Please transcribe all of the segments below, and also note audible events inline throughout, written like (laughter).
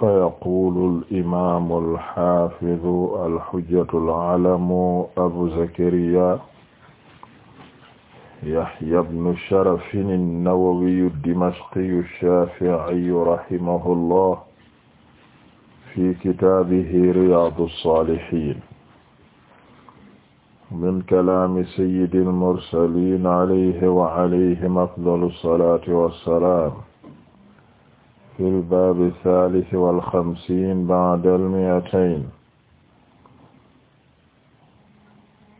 فيقول الإمام الحافظ الحجة العلم أبو زكريا يحيى بن شرف النووي الدمشقي الشافعي رحمه الله في كتابه رياض الصالحين من كلام سيد المرسلين عليه وعليهم أفضل الصلاة والسلام fi lbab alhalith walxamsin ba'da almi'atayn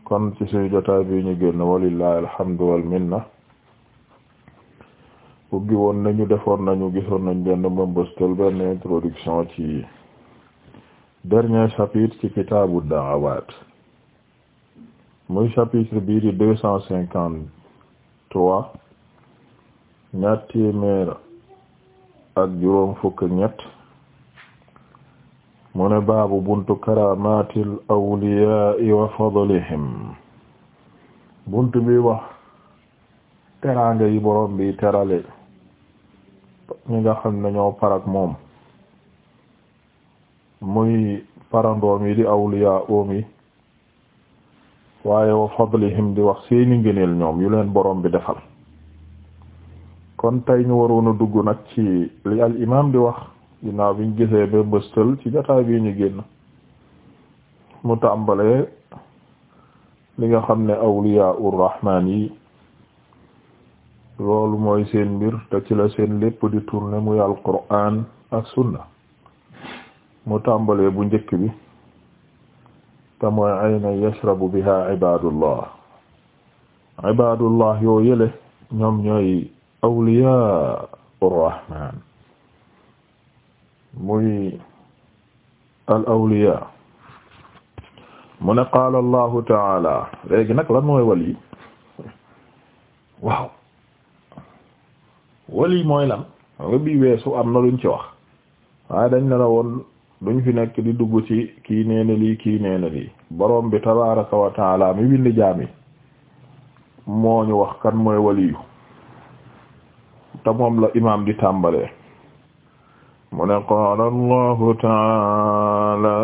kon ci suñu jotaay bi ñu génn walillahi alhamdu walminna ubbi woon nañu defoon nañu gisoon nañ benn mbambastal benn introduction ci dernier chapitre ci kitaabu da'awaat muy chapitre bii di deux cent cinquante trois ñaar téeméer ak juróom fukk ñett mu ne baabu buntu karamatil awliyaa wa fadlihim buntu bi wax teraanga yi borom bi terale ñi nga xam ne ñoo parak moom muy parandoom yi di awliyaa oom yi waaye wa fadlihim di wax seeni ngëneel ñoom yu leen borom bi defal kon tey ñu waroon a dugg nag ci li al imaam di wax ginnaaw biñ gisee ba bëstal ci jotaay bi ñu génn mu tàmbalee li nga xam ne awliyaa ur rahmaan yi loolu mooy seen mbir te ci seen lépp di tourner muy al quraan ak sunna mu tàmbalee bu njëkk bi te mooy ayna yashrabu biha ibaadullah yoo yële ñoom ñooy awliyaa ar-rahmaan muy al awliyaa mu ne qaala allahu taala léegi nag lan mooy wali waaw wali mooy lan nga bii weesu am na luñ ci wax waaye dañ ne la woon duñ fi nekk di dugg ci kii nee na lii kii nee na lii borom bi tabaaraka wa taala mi bind jaam moo ñu wax kan mooy waliyu te moom la imaam di tàmbalee mu ne qaala allahu taala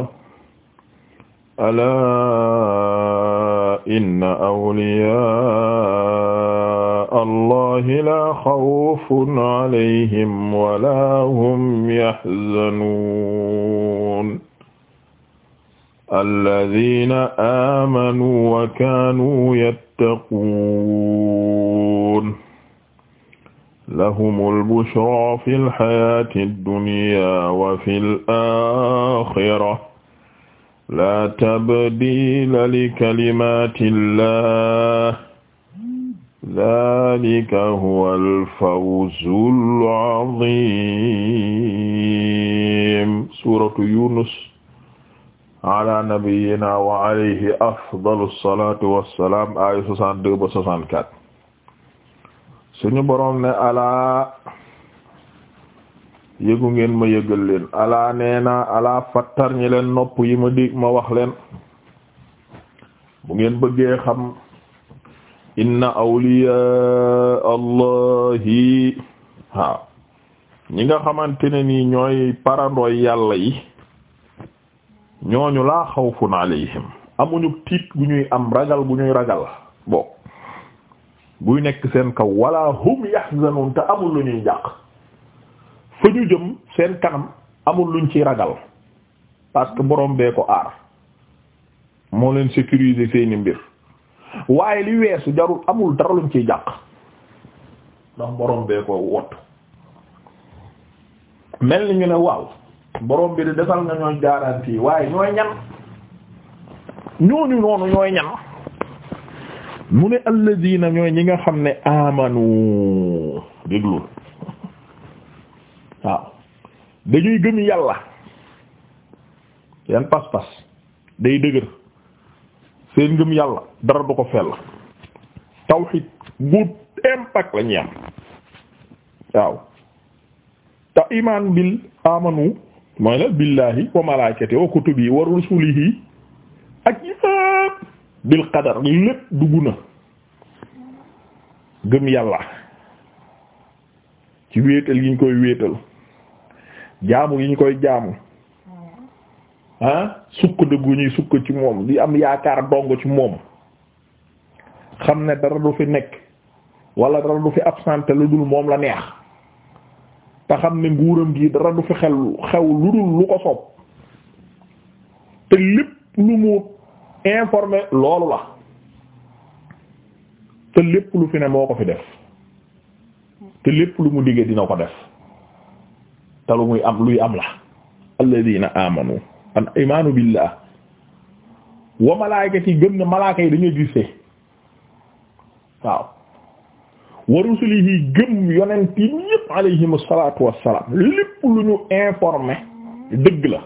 alaa inna awliyaa allahi laa xawfun alayhim walaa hum yaxzanuun alladiina aamanuu wa kaanuu yattaquun lahumul bushraa fil hayaati dunyaa wa fil aaxira laa tabdiila likalimaatillaah zaalika huwal fawzul aziim. suuratu Yunus alaa nabiyyinaa wa alayhi afdalu salaatu wa salaam aaya 62 ba 64 suñu boroom ne alaa yëgu ngeen ma yëgal leen alaa nee na alaa fattar leen nopp yi ma dig ma wax leen bu ngeen bëggee xam inna awliya allahi waaw ñi nga xamante ne nii ñooy parandooy yàlla yi ñooñu laa xawfun alayhim amuñu tiit gu ñuy am ragal gu ñuy ragal bokk buy nekk seen kaw wala hum yahzanun te amul lu ñuy njàq fa ñu jëm seen kanam amul luñ ci ragal parce que borom bee ko aar moo leen sécuriser seeni mbir waaye li weesu jarul amul dara luñ ciy jàq ndax borom bee ko wott mel ni ñu ne waaw borom bi di defal nga ñooy garantie waaye ñooy ñan ñooñu noonu ñooy ñan mu ne alladina ñooy ñi nga xam ne amanu déglu waaw dañuy gëm yàlla seen pas-pas day dëgër seen gëm yàlla dara du ko fell tawxid bu impact la ñuy am waaw te iman bil amanu mooy la billahi wa malaikati wa kutubi wa rusulihi ak bil qadar lépp dugg na gëm yàlla ci wéetal gi ñu koy wéetal jaamu gi ñu koy jaamu ah sukk dëggu ñuy sukk ci moom di am yaakaar dong ci moom xam ne dara du fi nekk wala dara du fi absenté lu dul moom la neex te xam ne nguuram gi dara du fi xew lu dul lu ko soob te lépp lu mu informé loolu la te lépp lu fi ne moo ko fi def te lépp lu mu diggee dina ko def te lu muy am luy am la alladina amanu an imaanu billah wa malaayikati gëm na malaaka yi dañu gisee waaw wa rusulihi gëm yonent yi yépp alayhimu salaatu wassalaam lépp lu ñu informé dëgg la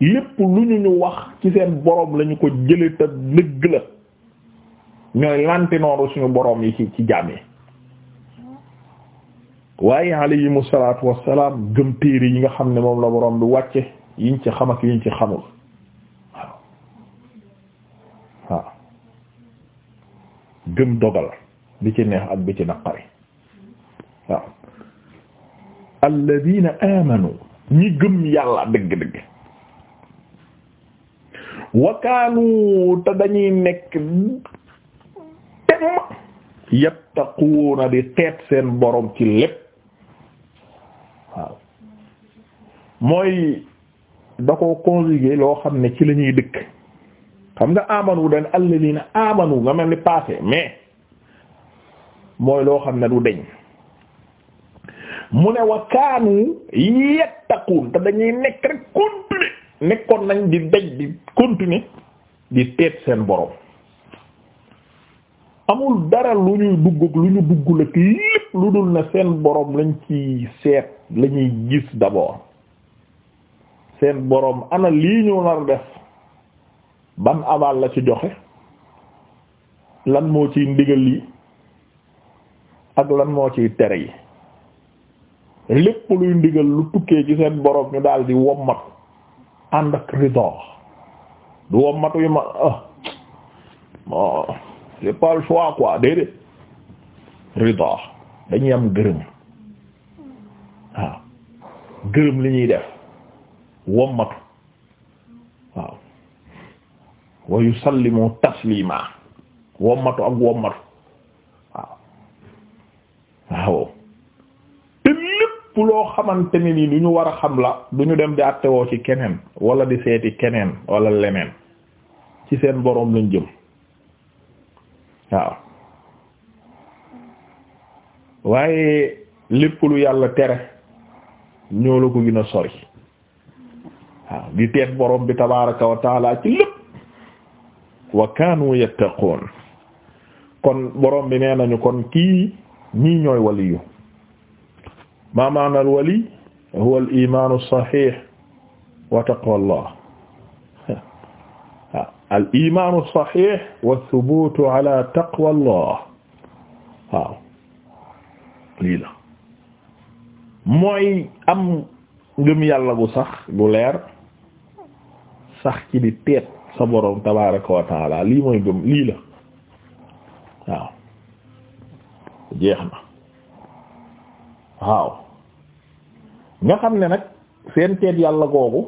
lépp lu ñu ñu wax ci seen borom lañu ko jële te dëgg la ñooy lantinooru suñu borom yi ci ci jaam yi waaye alayhimu salaatu wassalaam gëm téere yi nga xam ne moom la borom bi wàcce yiñ ci xam yi yiñ ci xamul waaw waaw gëm dogal bi ci neex ak bi ci naqari waaw alladina amanu ñi gëm yàlla dëgg-dëgg wakaanu te dañuy nekk tem yattaquuna di teet seen boroom ci lépp waaw mooy da ko conjugué loo xam ne ci lañuy ñuy dëkk xam nga amanu dan alladina amanu nga mel ni passé mais mooy loo xam ne du deñ mu ne wakaanu yattaquun te dañuy nekk rek continuer nekkoon nañ di daj di continuer di teet seen borom amul dara lu ñuy dugg lu ñu dugg la lépp lu dul na seen boroom lañ ci seet lañuy gis d'abord seen boroom ana lii ñu nar def ban aval la ci joxe lan moo ciy ndigal yi ak lan moo ciy tere yi lépp luy ndigal lu tukkee ci seen boroom ñu daal di wommat ànd ak rida du wommatu yu ma ah bon c'est pas le choix quoi déedéet rida dañuy am gërëm waaw gërëm li ñuy def wommatu waaw wa yusallimu taslima wommatu ak wommatu waaw waaw loo xamante ne ni lu ñu war a xam la du ñu dem di attewoo ci keneen wala di seeti keneen walla leneen ci seen boroom lañ jëm waaw waaye lépp lu yàlla tere ñoo la ko gën sori waaw di teet boroom bi tabaraka wa taala ci lépp wa kaanu yattaqoon kon boroom bi nee nañu kon kii ñii ñooy waliyu ma maana al wali huwa al iman as-sahih wa taqwa allah al iman as-sahih wa thubutu ala taqwa allah waaw lii la mooy am ngëm yàlla gu sax gu leer sax ci di teet sa borom tabaraka wa taala lii mooy ngëm lii la waaw jeex na waaw nga xam ne nag seen teet yàlla googu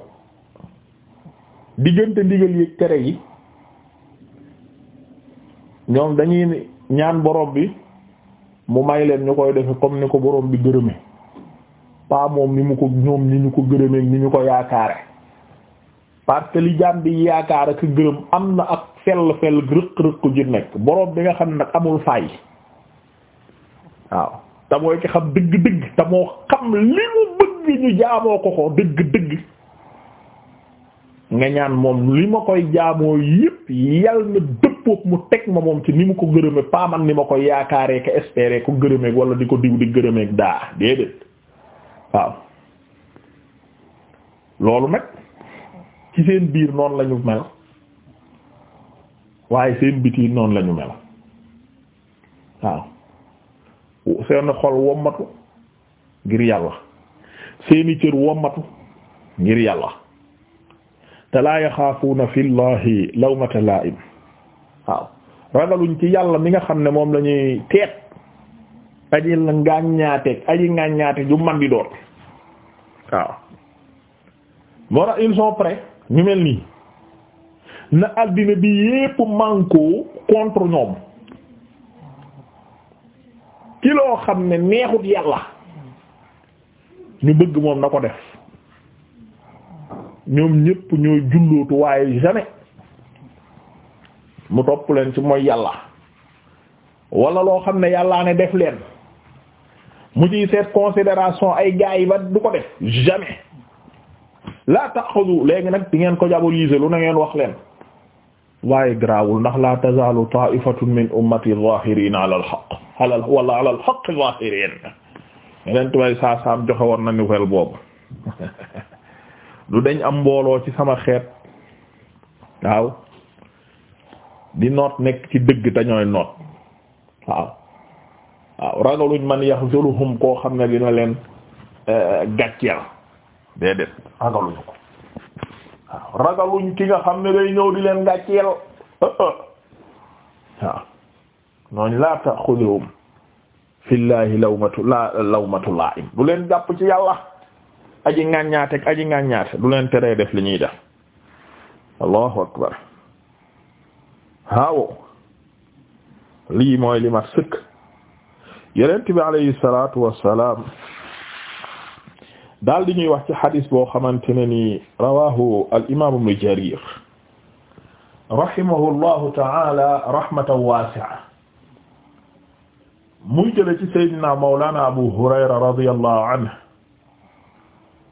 diggante ndigal yi tere yi ñoom dañuy ñaan boroom bi mu may leen ñu koy defe comme ni ko boroom bi gërëme pas moom ni mu ko ñoom ni ñu ko gërëme ni ñu ko yaakaare parce que li jaam bi yaakaar ak gërëm am na ak fell fell rëq-rëq ju nekk borom bi nga xam ne nag amul fay waaw te mooy ki xam dëgg-dëgg te xam li mu bëgg ñu jaamoo ko ko dëgg-dëgg nga ñaan moom li ma koy jaamoo yépp yal na dëppook mu teg ma moom ci ni mu ko gërëme pas ni ma koy yaakaaree ko espérer ko gërëmeek wala di ko diw di gërëmeek daa déedéet waaw loolu nag ci seen biir noonu lañu mel waaye seen biti noon lañu mel waaw seen xol wommatu ngir yàlla seeni cër wommatu ngir yàlla te laa yaxaafuuna fi llahi lawmata laa'im waaw ragaluñ ci yàlla mi nga xam ne moom lañuy ñuy teet aji ngàññaateeg aji ngàññaate ju man di waaw moo tax ils sont ñu mel nii na addina bi yépp manko contre ñoom ci xam ne neexut yàlla ñu bëgg moom na ko def ñoom ñépp ñooy jullootu waaye jamais mu topp leen ci mooy yàlla wala loo xam ne yàllaa ne def leen mu ciy seet considération ay gars yi ba du ko def jamais la taxudu léegi nag bi ngeen ko diaboliser lu na ngeen wax leen waaye garaawul ndax la tazalu ta'ifatun min ummati zahirin ala al-haqq ala wala ala al-haqq zahirin yeneen saa saam joxe woon na nouvelle boobu lu (laughs) dañ am mbooloo ci sama xeet waaw di noot nekk ci dëgg dañooy noot waaw waaw ragaluñ man yaxzuluhum koo xam ne dina leen eh, gàcceel déedéet ragaluñu waaw ragaluñ ki nga xam ne day ñëw di leen gàcceel waaw ñooñ laa taxuduhum fillaahi lawmatu la lawmatu du leen jàpp ci yàlla aji ngàññaate ak aji du leen teree def li ñuy def allahu akbar waaw lii mooy li mat sëkk yonent bi alayhi salaatu wassalaam daal di ñuy wax ci xadis boo xamante ne ni rawahu al imam ibnu jarir rahimahu llahu taala rahmatan waasi'a muy jële ci sayyidina mawlana abu hurayra radiyallahu anhu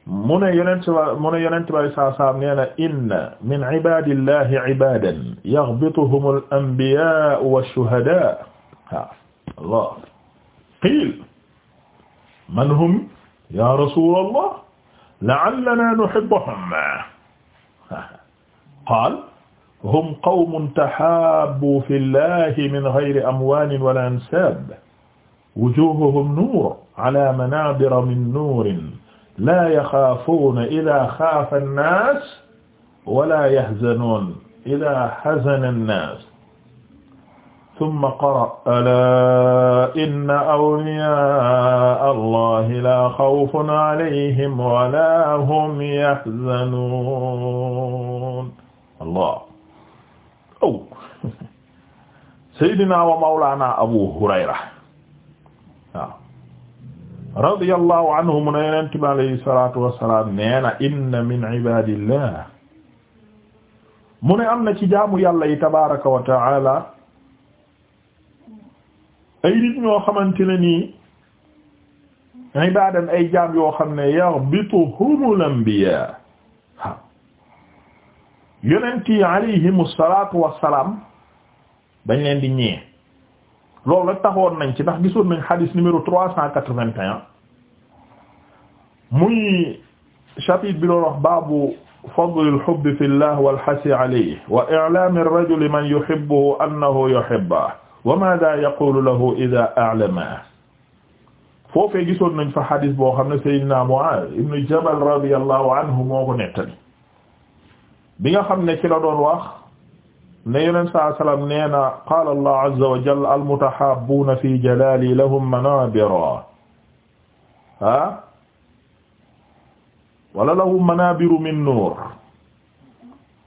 mu ne yonent mu ne yonent bay saa saam nee na inna min ibadillahi ibadan yaghbituhum al anbiya wash-shuhada ha Allah qiil man hum ya rasulallah la'allana nuhibbuhum qaal hum qawmun tahaabbu fi llahi min ghayri amwaalin wala ansaab wujuuhuhum nuurun ala manaabira min nuurin laa yaxaafuuna idaa xaafa nnaas wala yahzanuun idaa hazana nnaas summa qara alaa inna awliyaa allahi laa xawfun alayhim walaa hum yahzanuun allah aw saydina wa mawlaana abu hurayra waaw radiyallahu anhu mu ne yonent bi alayhi salaatu wassalaam nee na inna min ibaadillah mu ne am na ci jaamu yàlla yi tabaaraka wa ta'aala ay nit ñoo xamante ne nii ibaadan ay jaam yoo xam ne yarbituhumul anbiya waaw yonent yi alayhimu salaatu wassalaam dañ leen di ñee loolu rek taxoon nañ ci ndax gisoon nañ xadis numéro trois cent quatre-vingt-un muy chapitre bi doon wax baabu fadlil hubbi fillah wal hasi alayhi wa i'laami rajuli man yuhibbuhu annahu yuhibbuhu wa maada yaqulu lahu ida a'lama foofee gisoon nañ fa xadis boo xam ne sayyidina Mu'aaz ibnu Jabal radiyallahu anhu moo ko nettali bi nga xam ne ci la doon wax ne yonent saa sallam nee na qaala allah azza wa jalla almutahabbuuna fi jalaali lahum manabira ah wala lahum manabiru min nuur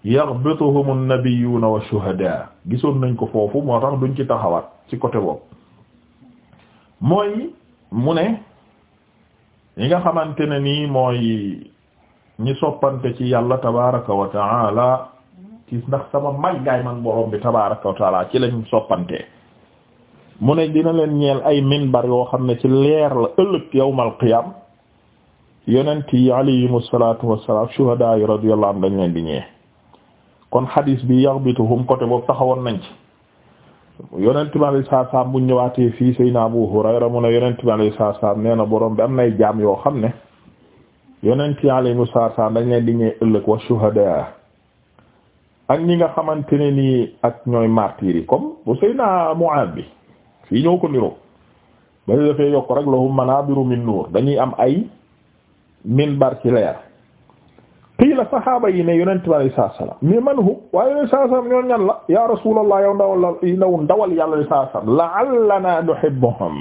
yaghbituhum an-nabiyyuna wash-shuhada gisoon nañ ko foofu moo tax duñ ci taxawaat ci côté boobu mooy mu ne yi nga xamante ne nii mooy ñi soppante ci yàlla tabaraka wa taala ci ndax sama màggaay man borom bi tabaraka wa taala ci lañ soppante mu ne dina leen ñeel ay minbar yoo xam ne ci leer la ëllëg yawmal qiyam yonent yi alayhimu salaatu wassalaam shuhadaa yi radiyallahu anhum dañ leen di ñee kon xadiis bi yaxbituhum côté boobu taxawoon nañ ci yonent bi alayhi salaatu salaam bu ñëwaatee fii Seydina Abu Hurayra mu ne yonent bi alayhi salaatu salaam nee na borom bi am nay jaam yoo xam ne yonent bi alayhi salaatu salaam dañ leen di ñëw ëllëg wa shuhadaa ak ñi nga xamante ne nii ak ñooy martyr yi comme bu Seydina Muaad bi fii ñoo ko niroo ba dafay yokk rek lahum manaabiru min nuur dañuy am ay minbar ci xii la saxaaba yi ne yonent bi alayhi salaatu salaam mais man hum waaye yonent saa salaam ñoon ñan la ya rasuulallah yow ndawal ndaw ndawal yàlla li saa salaam la'allanaa nuhibbuhum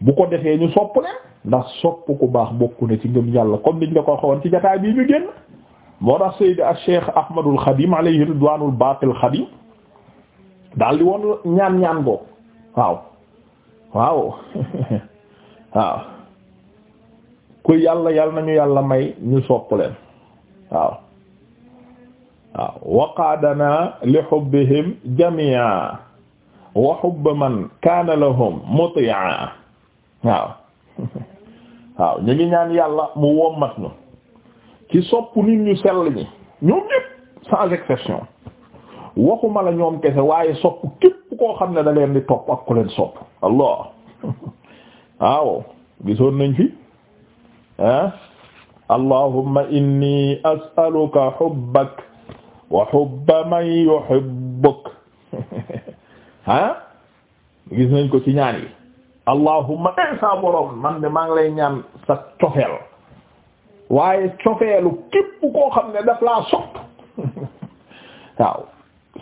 bu ko defee ñu sopp leen ndax sopp ku baax bokku ne ci ngëm yàlla comme niñ la ko xawoon ci jotaay bii ñu génn moo tax Seydi Cheikh Ahmadul Xadim alayhi ridwaanul baaqil xadim daal di woon ñaan ñaan boobu waaw waaw (laughs) waaw ku yàlla yàlla nañu yàlla may ñu sopp leen waaw waaw waqaadana li xubbihim jamia wa xubba man kaana lahum muti'a waaw (laughs) waaw ñu ngi ñaan yàlla mu wommat ñu ci sopp nit ñu sell ñi ñoom ñépp sans exception waxuma la ñoom kese waaye sopp képp koo xam ne da leen di topp ak ku leen sopp allah (laughs) waaw gisoon nañ fi allahumma inni as'aluka hubbak wa hubba man yuhibbuk ah (laughs) gis nañ ko ci ñaan yi allahumma insa eh, borom man de maa ngi lay ñaan sa cofeel waaye cofeelu képp koo xam ne daf laa sopp (laughs) waaw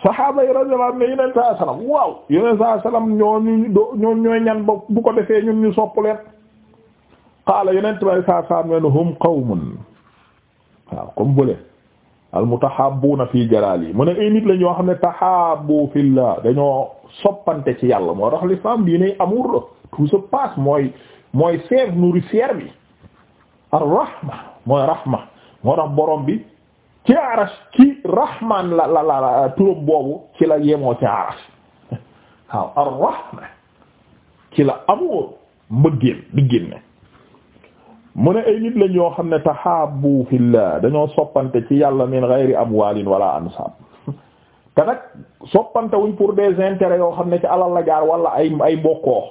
sahaaba yi radiyallahu anhum yeneen saa sallam waaw yeneen saa sallam ñooñu ñooy ñan ba bu ko defee ñun ñu sopp leen qaala yeneen tubaab saa saa mel hum qawmun waaw comme bële al mutahabbuuna fii jalaali mu ne ay nit la ñoo xam ne tahabbu fillah dañoo soppante ci yàlla moo tax l'islam diine amour la tout se passe mooy mooy sève nourricière bi ar rahma mooy rahma moo tax borom bi ci arash ci rahman la la la turam boobu ci la yemoo ci arash (laughs) waaw ar ci la amour mbëggeel di génne mu ne ay nit lañ yoo xam ne taxaabu fillah dañoo soppante ci yàlla min gayri amwaalin wala ansaab (laughs) te nag soppante wuñ pour des intérêts yoo xam ne ci alal la jaar wala ay ay bokkoo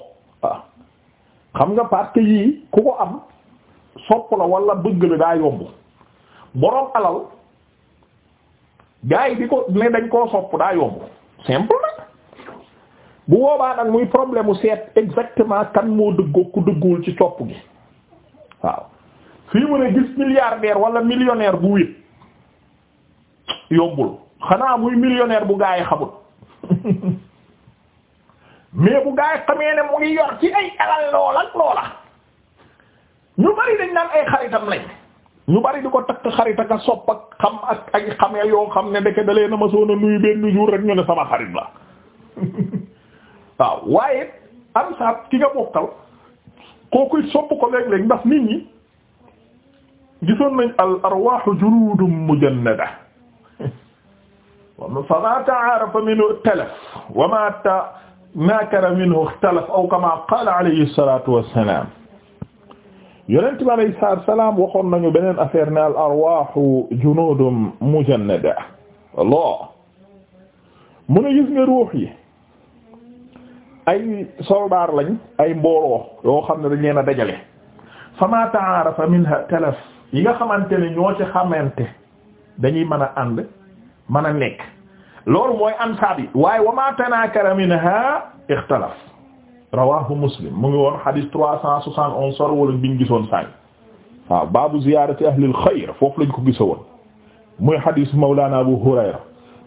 ah xam nga parce que yii ku ko am sopp la wala bëgg la daa yomb boroom alal gars yi di ko ne dañ koo sopp daa yomb simple nag bu boobaa nag muy problème mu seet exactement kan moo dëggoo ku dëgguwul ci copp gi. waaw fii mu ne gis milliardaire wala millionnaire bu wit yombul xanaa muy millionnaire bu gaa yi xamut (laughs) mais bu gaa yi xamee ne mu ngi yor ci ay alal loola loola ñu bari dañ naan ay xaritam lañ ñu bari di ko takk xarit ak a sopp ak xam ak ay xamee yoo xam ne ndeke dalee na ma soon nuyu benn jour rek ñu ne sama xarit la (laughs) waaw waaye am ki nga bokkal kooku it sopp ko léeg-léeg ndax nit ñi gisoon nañ al arwaaxu juluudum mujannada fa ma ta'aarafa minhu talaf wa ma tanaakara minhu ixtalaf aw kama qaala alayhi salaatu wassalaam yonent bi alayhi salaatu wassalaam waxoon nañu beneen affaire ne al arwaaxu juluudum mujannada Allah mu ne gis nga ruux yi ay soldaar lañ ay mbooloo loo xam ne dañ leen a dajale fama ta'arafa minha talaf yi nga xamante ne ñoo ci xamante dañuy mën a ànd mën a nekk loolu mooy ansaab yi waaye wama tanakara minha ixtalaf rawahu muslim mu ngi woon hadith trois cent soixante onze sor wala biñ gisoon saay waaw baabu ziyaarati ahlil xayr foofu lañ ko gisa woon muy hadith mawlana abu hurayra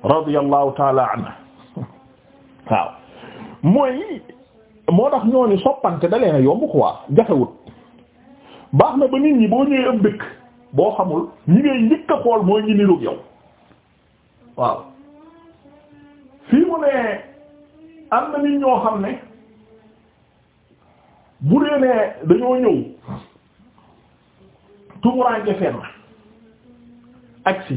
radiyallahu taala anhu (laughs) mooy moo tax ñooñu soppante da leen a yomb quoi jafewut baax na ba nit ñi boo ñëwee am dëkk boo xamul ñi ngay njëkk xool mooy ñi niroog yow waaw fii mu ne am na nit ñoo xam ne bu dee ne dañoo ñëw tumuraange fenn ak si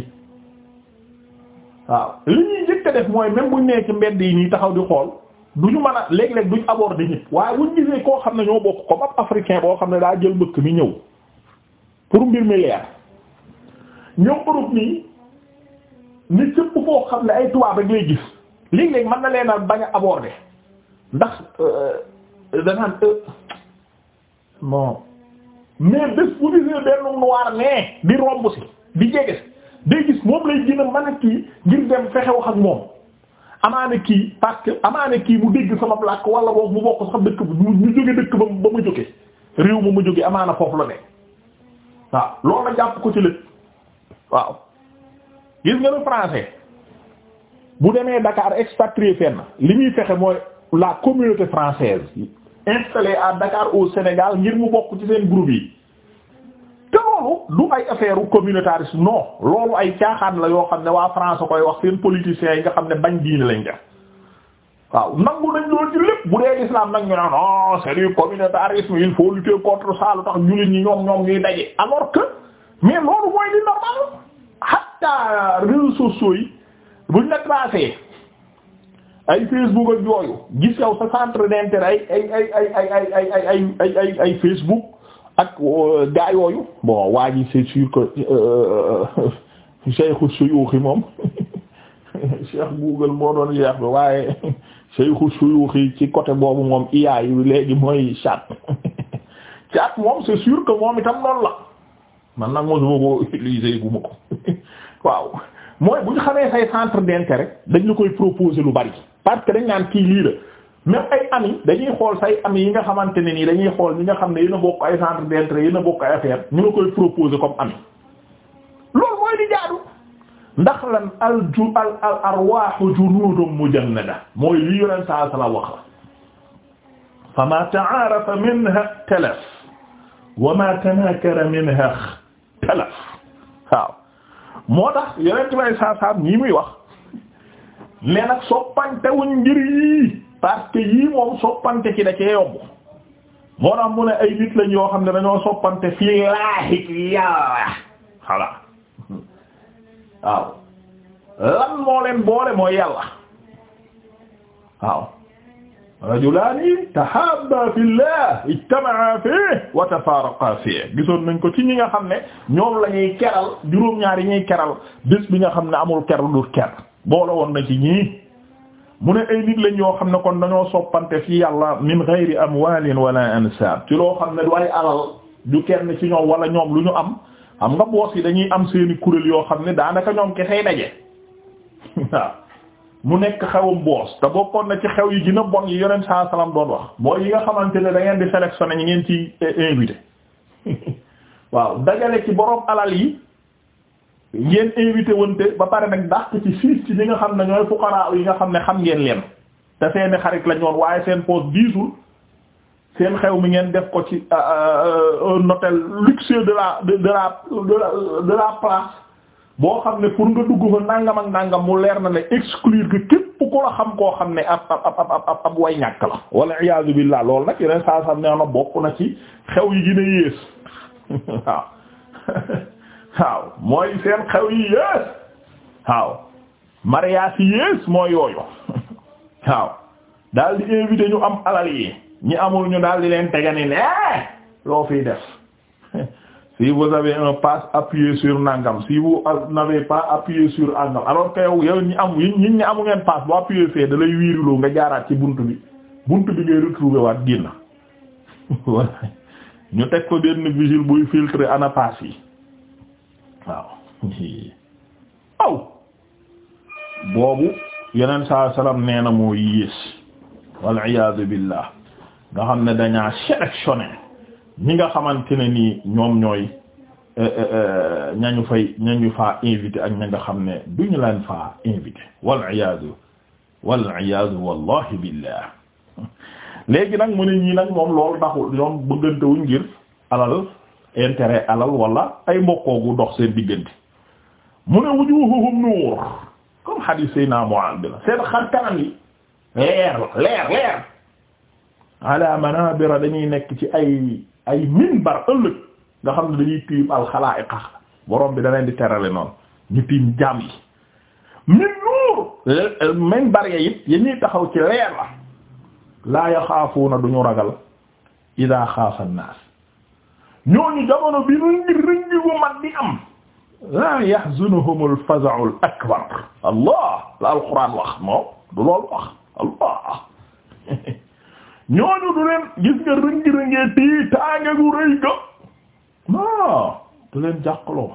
waaw li ñuy njëkk a def mooy même buñ nee mbedd yi nii taxaw di xool du ñu mën a léeg-léeg duñ aborder ñëpp waaye buñ gisee koo xam ne ñoo bokk comme ab africain boo xam ne daa jël mbëkk mi ñëw pour mbir mi leer ñëw Europe nii ni cëpp koo xam ne ay tubaab rek lay gis léeg-léeg mën na leen a bañ a aborder ndax euh, danaan euh, bon mais bés bu gisee benn noir nee di romb si di jege si day gis moom lay gën a a kii ngir dem fexe wax ak moom amaane kii parce que amaane kii mu dégg sama làkk wala boog mu bokk sax dëkk bu ñu jóge dëkk ba ba ma réew mu ma jóge amaana foofu la ne waaw loolu na jàpp ko ci lépp waaw gis nga lu bu demee Dakar expatrié fenn li muy fexe mooy la communauté française installée à Dakar au Sénégal ngir mu bokk ci seen groupe yi te loolu du ay affaire communautarisme non loolu ay caaxaan la yoo xam ne waa France koy wax seen politiciens yi nga xam ne bañ diine lañ def waaw nangu nañ loolu ci lépp bu dee l'islam nag ñu naan non c'est du communautarisme il faut lutter contre ça lu tax jullit ñi ñoom ñoom ñuy daje alors que mais loolu mooy li normal hatta réseaux sociaux yi buñ la tracé ay Facebook ak yooyu gis yow sa centre d'intérêt ay ay ay ay ay ay Facebook. ak euh, gaa yooyu bon waa ji c'est sûr que euh, euh, (laughs) Cheikhu Suyuuxi moom (laughs) Cheikh Google moo doon Cheikh bi waaye (laughs) Cheikhu Suyuuxi ci côté boobu moom IA yi léegi mooy chat chat moom c'est sûr que moom itam noonu la man nag mosuma ko utiliser gu ma ko waaw mooy bu ñu xamee say centre d'intérêt dañ la koy proposer lu bari parce que dañ naan kii lii la. même ay ami dañuy xool say ami yi nga xamante ne nii dañuy xool ñi nga xam ne yéen bokk ay centre d'intérêt yéen a bokk ay affaire ñu nga koy proposer comme ami loolu mooy di jaadu ndax al ju al al mooy li yoneen saa sala wax la fa ma ta'aarafa minha talaf wa ma tanaakara minha moo tax yeneen ci may saa saa ñii muy wax mais nag soppantewuñ ngir yii parce que yii moom soppante ci da cee yomb moo tax mu ne ay nit lañ yoo xam ne dañoo soppante fii laaxi yàlla waaw lan moo leen boole mooy yàlla waaw rajulaani tahabba fillah ijtama'a fihi wa tafaraqa fihi gisoon nañ ko ci ñi nga xam ne ñoom la ñuy keral juróom-ñaar ñuy keral bés bi nga xam ne amul ker lu dul ker boole woon na ci ñii mu ne ay nit lañ yoo xam ne kon dañoo soppante fi yàlla min ghayri amwalin wala ansab ci loo xam ne du ay alal du kenn ci ñoom wala ñoom lu ñu am xam nga boos yi dañuy am seeni kuréel yoo xam ne daanaka ñoom kesey daje (laughs) waaw mu nekk xewam boos te bokkoon na ci xew yi gën a bon yi yonent saa salaam doon wax mooy yi nga xamante ne da ngeen di sélectionné ñi ngeen ci eh, invité (laughs) waaw dajale ci borom alal yi ngeen invité wante ba pare nag dàq ci siis ci ñi nga xam ne ñooy fuqara yi nga xam ne xam ngeen leen te seeni xarit la ñoon waaye seen poste diisul seen xew mi ngeen def ko ci euh, euh, un hôtel luxueux de la de la de la place boo xam ne pour nga dugg fa nangam ak nangam mu leer na ne exclure que képp ku la xam koo xam ne ab ab ab ab ab way ñàkk la. wala iyaazu billaah loolu nag yeneen saa sax nee na bokk na ci xew yi gën a yées (laughs) waaw. (laughs) waaw mooy seen xew yi yées waaw mariage yi yées mooy yooyu (laughs) waaw daal di invité ñu am alal yi ñi amul ñu daal di leen tegani loo fiy def (laughs) si vous avez un pass appuyé sur nangam si vous n'avez pas appuyé sur nangam alors que yow yow ñi am ñi ñi amu ngeen pass boo appuyé fee da wiiriloo nga jaaraat ci bunt bi buntu bi ngay retrouver waat génn (laughs) voilà ñu teg ko benn vigile buy filtrer ana pass yi waaw aw boobu yeneen saa salaam nee na moo yées wal iyaadu billah nga xam ne dañaa sélectionné ñi nga xamante ne nii ñoom ñooy eh, eh, eh, ñañu fay ñañu faa invité ak ña nga xam ne duñu leen faa invité wal iyaadu wal iyaadu wallahi billah léegi nag mu ne ñii nag moom loolu taxul ñoom bëggantewuñ ngir alal intérêt alal wala ay mbokkoo gu dox seen diggante mu ne wujuhuhum nuur comme hadith sayna Mu'adh bi la seen xar kanam yi leer la leer leer ala manabira dañuy nekk ci ay ay minbar ëllëg nga xam ne dañuy tiim alxalaa'iqa borom bi da di terale noonu ñu tiim jaam yi min nuur minbar ya it ya ñuy taxaw ci leer la laa yaxaafuuna duñu ragal idaa xaafa an-naas ñooñu jamono bi rëngi rëngi bu mag di am la yahzunuhumul faza'ul allah la alquran wax moom du loolu wax allah ñooñu du leen gis nga rëngi rëngee tii taange gu rëy ga du leen jàqloo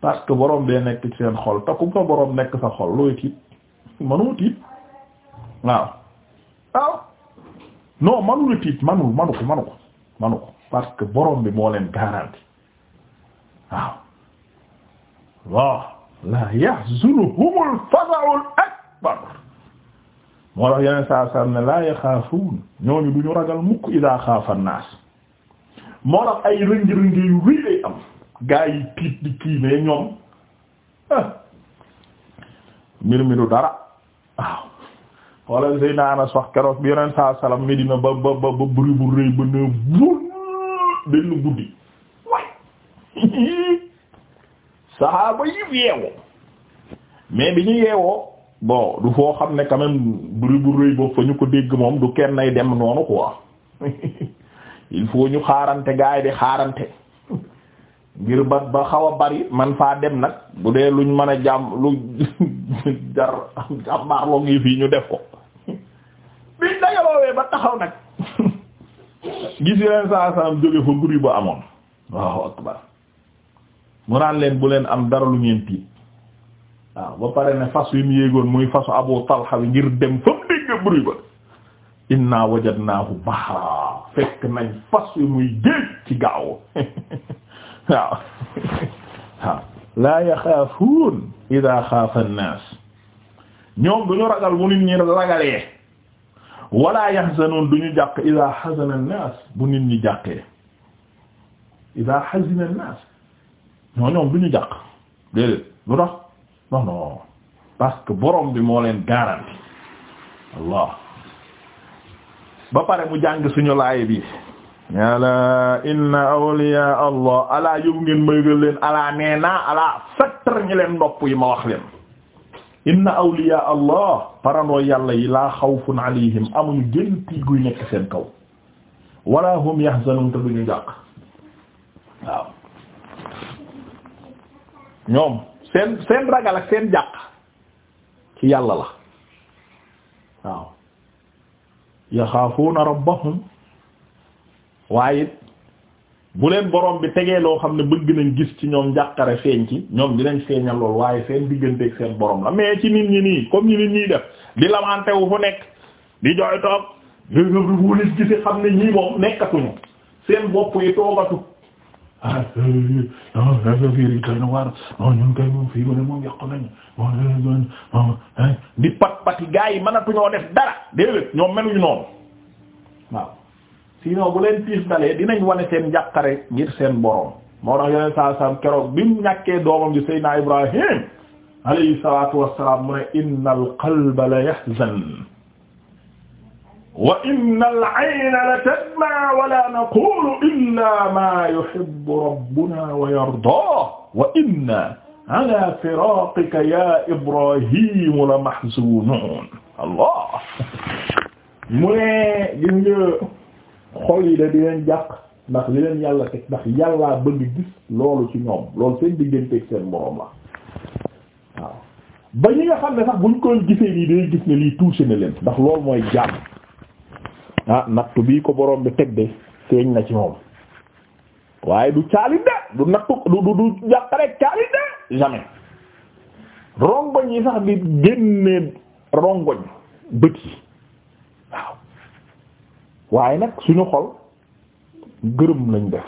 parce que borom bee nekk ci seen xol te ku fa nekk sa xol looy tiit manoo tiit waaw waaw manu la tiit manul manu ko manu ko manu ko parce que borom bi moo leen garanti waaw waaw la yahzunuhumul faza'ul akbar moo tax yeneen saa saa ne laa yaxaafuun ñooñu du ñu ragal mukk idaa xaafa naas moo tax ay rëng-rëng yu rëy am gaa yi tiit di kii mais ñoom ah, mbir mi dara waaw wala Seydina Anas wax keroog bi yeneen saa salaam Medina ba ba ba bruit bu rëy ba ne benn guddi waay (laughs) saxaaba yëpp yeewoo mais bi ñu yeewoo bon du foo xam ne quand même buri bu fa ñu ko dégg moom du kenn nay dem noonu quoi (laughs) il faut ñu xaarante gaay di xaarante ngir ba ba xaw bari man faa dem nag bu dee luñ mën a jàmm lu (laughs) jar jàmbaarloo ngi fii ñu def ko biñ dagaloowee ba taxaw nag gis yeneen saa saam jóge fa guddi ba amoon waaw akbar mu naan leen bu leen am dara lu ngeen tiit waaw ba pare ne fas wi mu muy ngir dem fa mu dégg bruit ba inna wajadnaahu géej ci gaaw (laughs) waaw (laughs) waaw laa yaxaafuun idaa xaafa an-naas ñoom duñu ragal bu nit ñi ragalee wala yahzanun du ñu jàq ida hazana an-nas bu nit ñi jàqee ida hazina an-nas ñoo ñoom du ñu jàq déedéet lu tax non non parce que borom bi moo leen garanti allah ba pare mu jàng suñu laay bi yàlla inna awliya allah alaa yóbbu ngeen maygal leen alaa nee naa leen nopp yi ma wax leen inna awliya allah parandoo yàlla yi laa xawfun alayhim amuñu génti guy nekk seen kaw wala hum yahzanun te duñu jàq waaw ñoom seen seen ragal ak seen jàq ci yàlla la waaw yaxaafuuna rabbahum waaye bu leen borom bi tegee loo xam ne bëgg nañ gis ci ñoom njàqare feeñ ci ñoom dinañ feeñal lool waaye seen digganteeg seen borom la mais ci nit ñi nii comme ñi nit ñiy def di lamante wu fu nekk di jooy toog yooyu nga bu nit gisi xam ne ñii seen bopp yi toogatu ah affaire yi doy na waar non ñun kay moom fii wala moom yàq di pat pati gars yi mënatuñoo def dara déedéet ñoom meluñu noonu. sinon bu leen tiis dalee dinañ wane seen njàqare ngir seen borom moo tax yeneen saa saam keroog bi mu ñàkkee doomam di Seydina Ibrahim alayhi salaatu wassalaam mu ne inna al qalba la yahzan wa inna al ayna la tadma wa la naqulu illa ma yuhibbu rabbuna wa yarda wa inna ala firaqika ya Ibrahim la mahzunun allah (laughs) mu ne gis nga xool yi da di leen jàq ndax li leen yàlla teg ndax yàllaa bëgg gis loolu ci ñoom loolu seen digganteeg seen borom la waaw ba ñi nga xam ne sax buñ koy gisee nii day gis ne lii touché na leen ndax loolu mooy jàmm ah nattu bii ko borom bi teg de feeñ na ci moom waaye du caalit de du nattu du du du jàq rek caalit de jamais rongoñ yi sax di génne rongoñ bët yi waaye nag suñu xol gërëm lañ def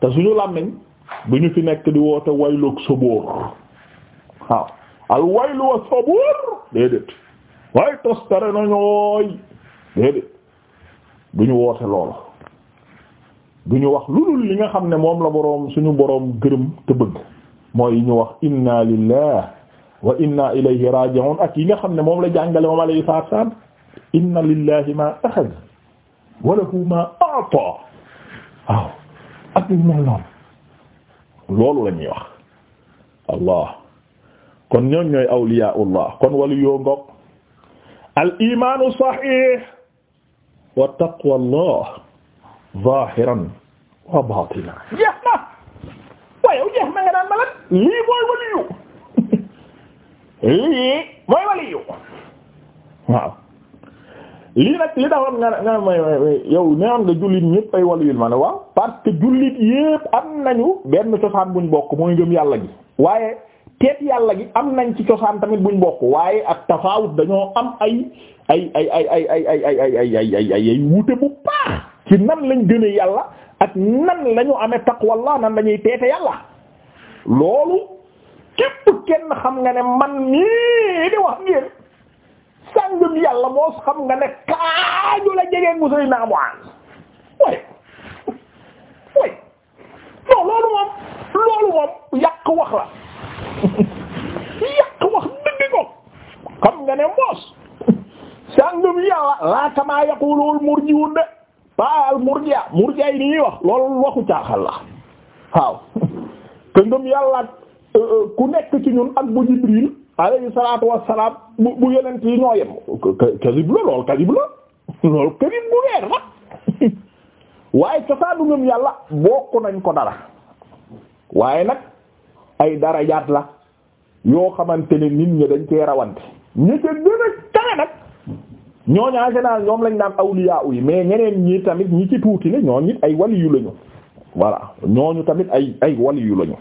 te suñu làmmiñ bu ñu fi nekk di woote waylu ak sobóor waaw al waylu wa sobóor déedéet waaye tos tere nañooy déedéet du ñu woote loolu du ñu wax lu dul li nga xam ne moom la boroom suñu boroom gërëm te bëgg mooy ñu wax inna lillah wa inna ilayhi raji'un ak yi nga xam ne moom la jàngale moom alayhi salaam inna lillahi ma axad wa lahu ma ata waaw ak yu mel noonu loolu la ñuy wax allah kon ñoom ñooy awliyaullah kon walu yoo ngog al imanu sahih wa taqwa allah zahiran wa batinan jeex na waaye jeex na nga daan malat lii mooy waliyu (laughs) lii mooy waliyu waaw lii nag li taxoon nga nga may yow neexoon nga jullit ñépp ay wàllu ma ne waaw parce que jullit yépp am nañu benn cosaan buñ bokk mooy ngëm yàlla gi waaye teet yàlla gi am nañ ci cosaan tamit buñ bokk waaye ak tafaawut dañoo am ay ay ay ay ay ay ay ay ay ay ay ay bu baax ci nan lañ gëne yàlla ak nan lañu amee taqwallah nan lañuy teete yàlla loolu képp kenn xam nga ne man mii di wax ni ngëm yàlla moo xam nga ne kaaju la jege gu sëy naa Muaaz way way non loolu moom loolu moom yàq wax la yàq wax dëgg ko xam nga ne moos sa ngëm yàlla laa kamaa yaqulu al murji'un de pas al murji'a murji'a yi wax loolu waxu caaxal la waaw (laughs) te ngëm yàlla euh, euh, ku nekk ci ñun ak bu Jibril alayhi salaatu wassalaam bu bu yonent yi ñoo yem kadib la lool kadib la (laughs) lool kadib bu weer la (laughs) waaye cosaanu ngëm yàlla bokk nañ ko dara waaye nag ay dara darajaat la yoo xamante ne nit ñi dañ cee rawante ñi ca gën a nag ñooñu en général ñoom lañ daan awliya yi mais ñeneen ñii tamit ñi ci tuuti la ñooñ it ay waliyu lañu voilà ñooñu tamit ay ay waliyu lañu